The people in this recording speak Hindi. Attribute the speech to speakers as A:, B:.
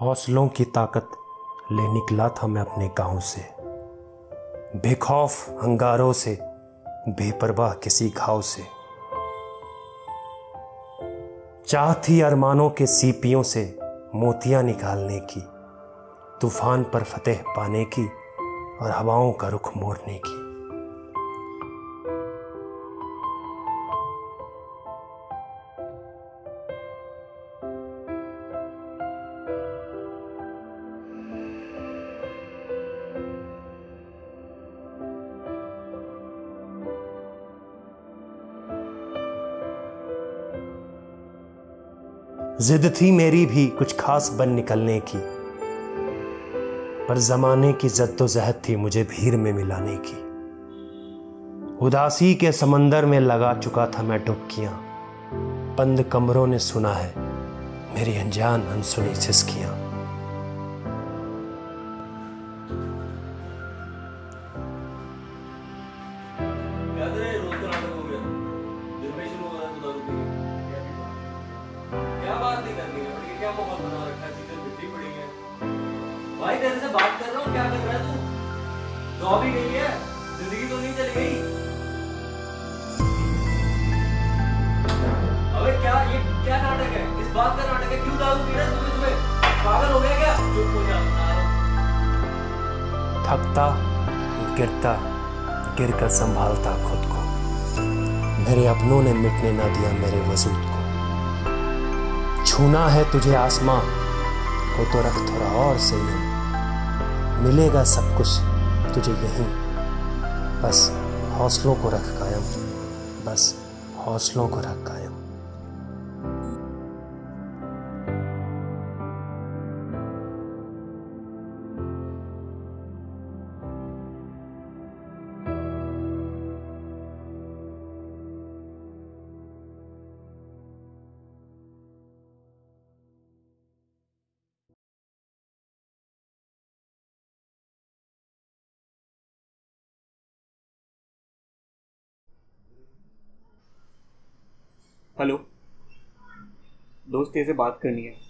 A: हौसलों की ताकत ले निकला था मैं अपने गांव से बेखौफ हंगारों से बेपरवाह किसी घाव से चाह थी अरमानों के सीपियों से मोतियां निकालने की तूफान पर फतेह पाने की और हवाओं का रुख मोड़ने की जिद थी मेरी भी कुछ खास बन निकलने की पर जमाने की जद्दोजहद थी मुझे भीड़ में मिलाने की उदासी के समंदर में लगा चुका था मैं डुबकियां बंद कमरों ने सुना है मेरी अनजान अनसुनी सिस्कियां भाई तेरे से बात कर रहा हूँ क्या कर रहा है तू जॉब ही गई है जिंदगी तो नहीं चली गई अबे क्या ये क्या नाटक है इस बात का नाटक है क्यों दारू पी रहा है सुबह पागल हो गया क्या चुप हो जा थकता गिरता गिर कर संभालता खुद को मेरे अपनों ने मिटने ना दिया मेरे वजूद को छूना है तुझे आसमां को तो रख थोड़ा और सही मिलेगा सब कुछ तुझे यहीं बस हौसलों को रख कायम बस हौसलों को रख कायम हेलो दोस्त से बात करनी है